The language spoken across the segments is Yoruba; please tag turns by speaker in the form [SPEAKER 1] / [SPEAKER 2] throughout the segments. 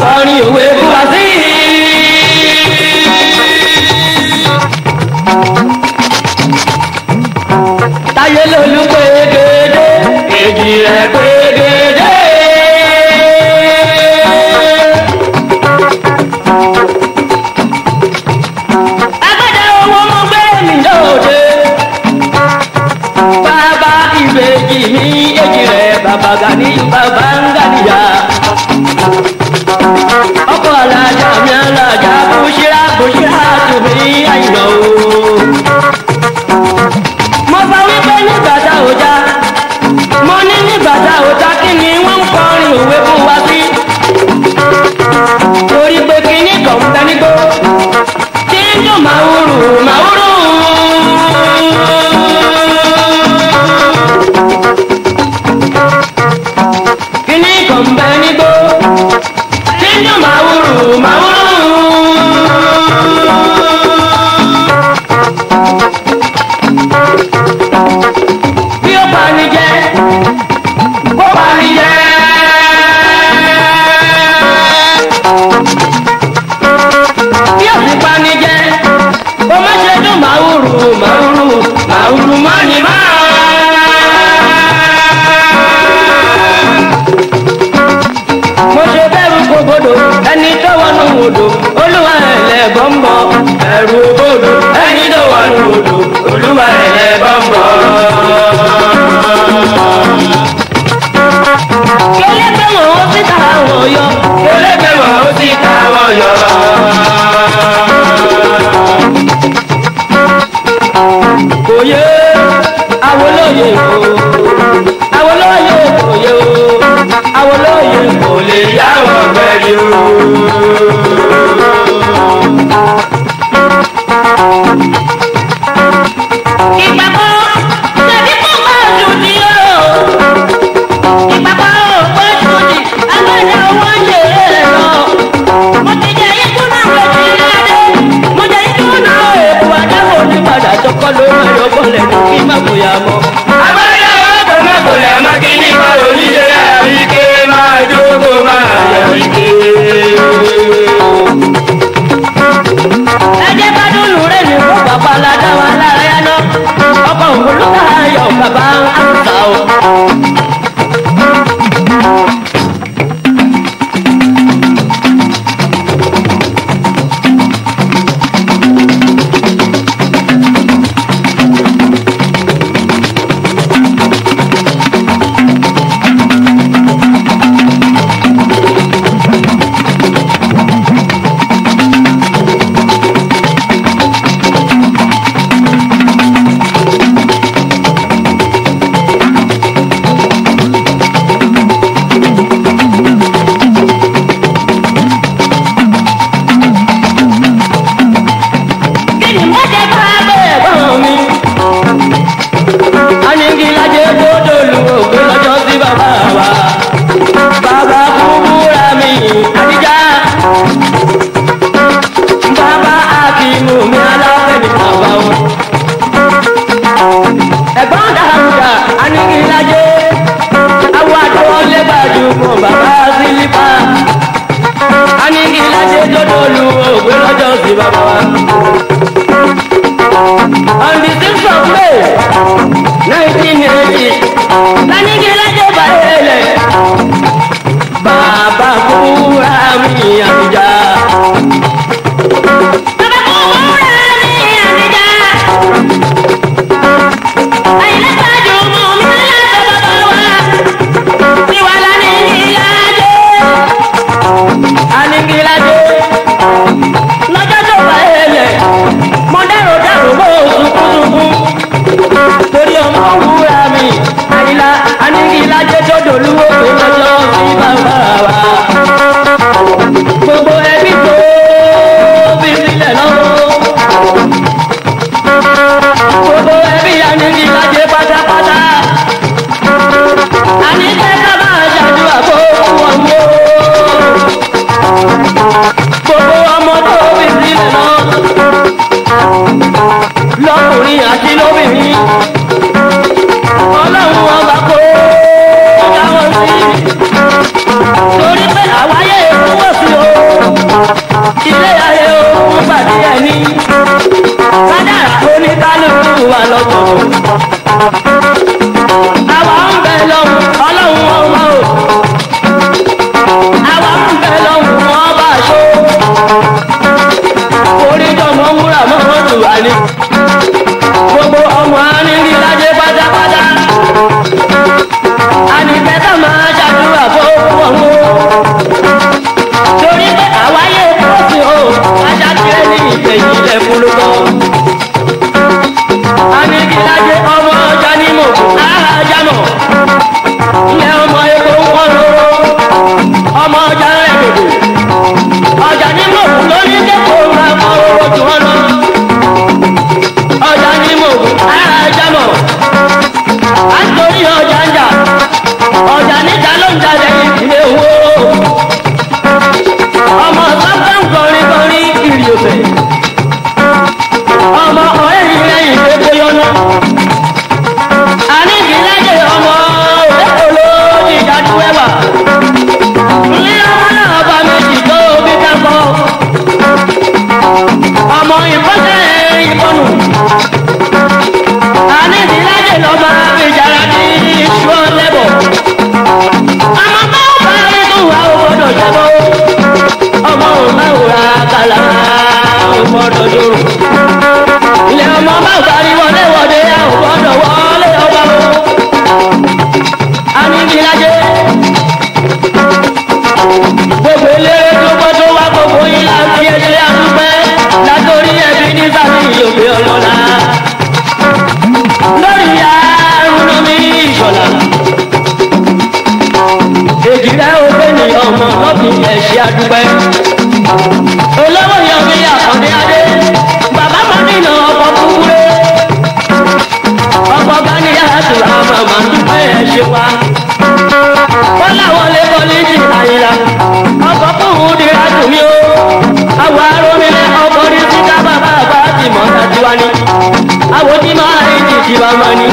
[SPEAKER 1] 哪里有。Àbẹ̀ní Àyìnlá o. mo sọ wípé nígbà tá ò já mo ní nígbà tá ò já kí ni wọ́n ń kọrin òwe fún wa sí. torí pé kinní kan ń olóyè kò lè yá ọ̀gbẹ́ni o. bamani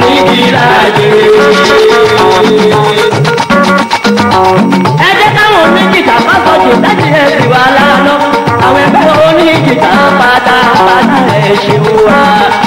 [SPEAKER 1] ní gíláyé. ẹ jẹ́ káwọn oníjìká má sọ̀tò láti ẹ̀ sì wà lánàá àwọn ẹgbẹ́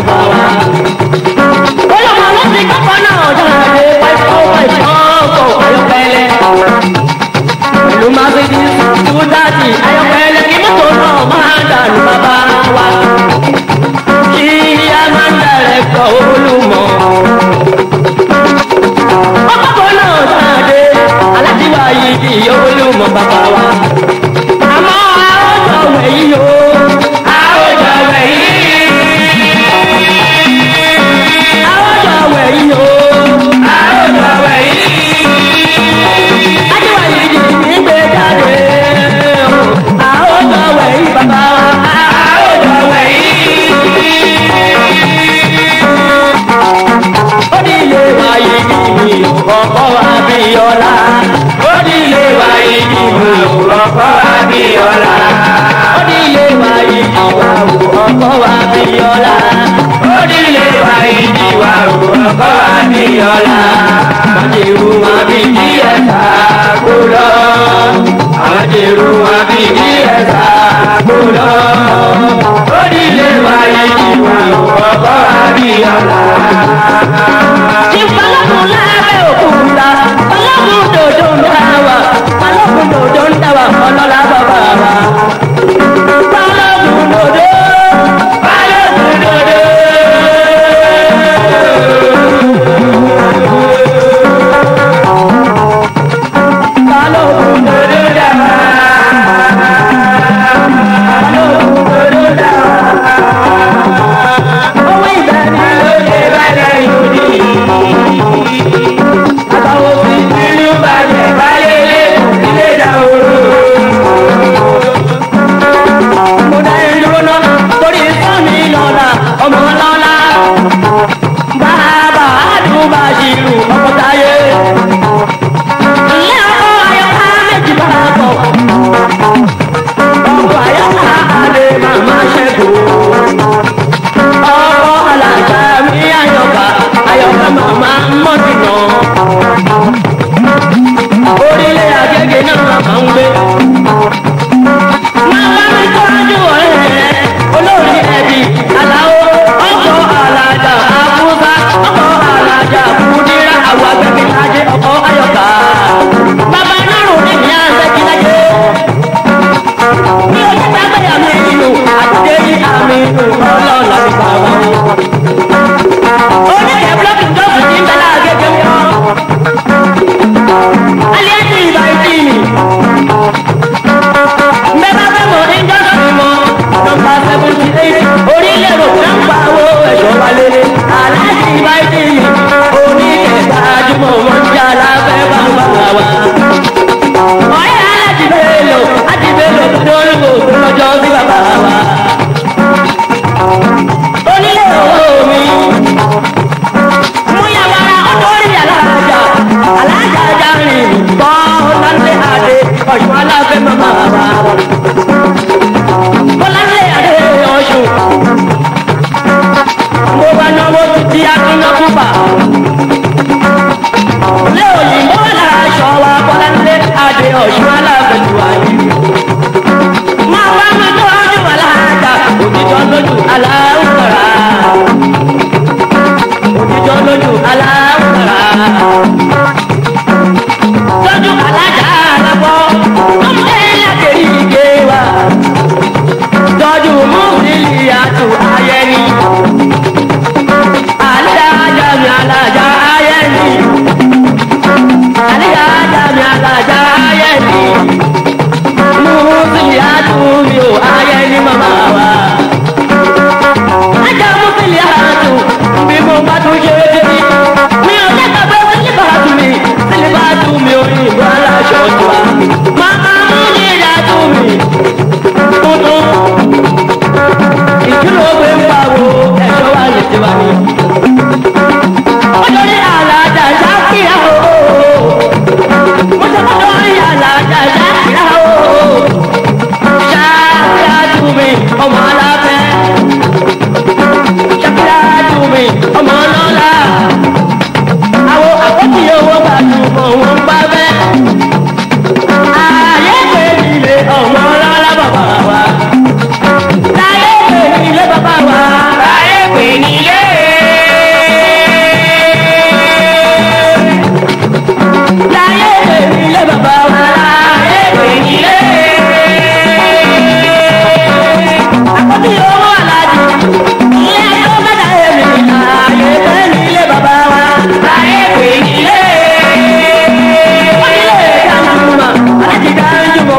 [SPEAKER 1] Hola, mamá, te capa, no, ya, ya, ya, ya, ya, ya, ya, ya, Gracias.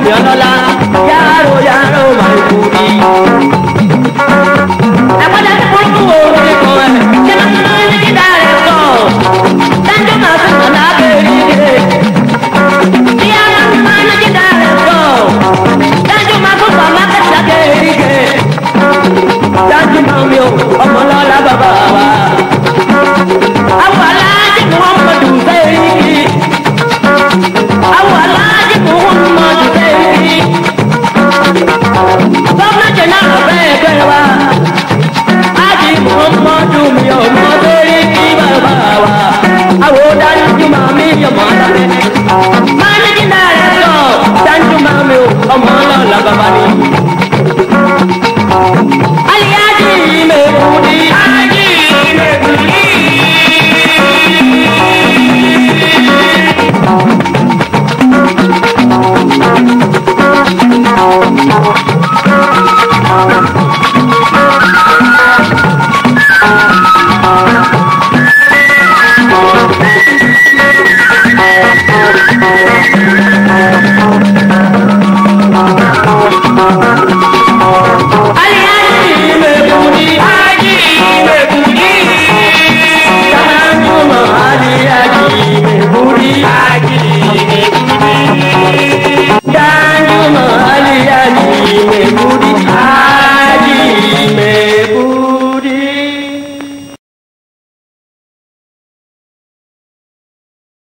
[SPEAKER 1] 别闹了。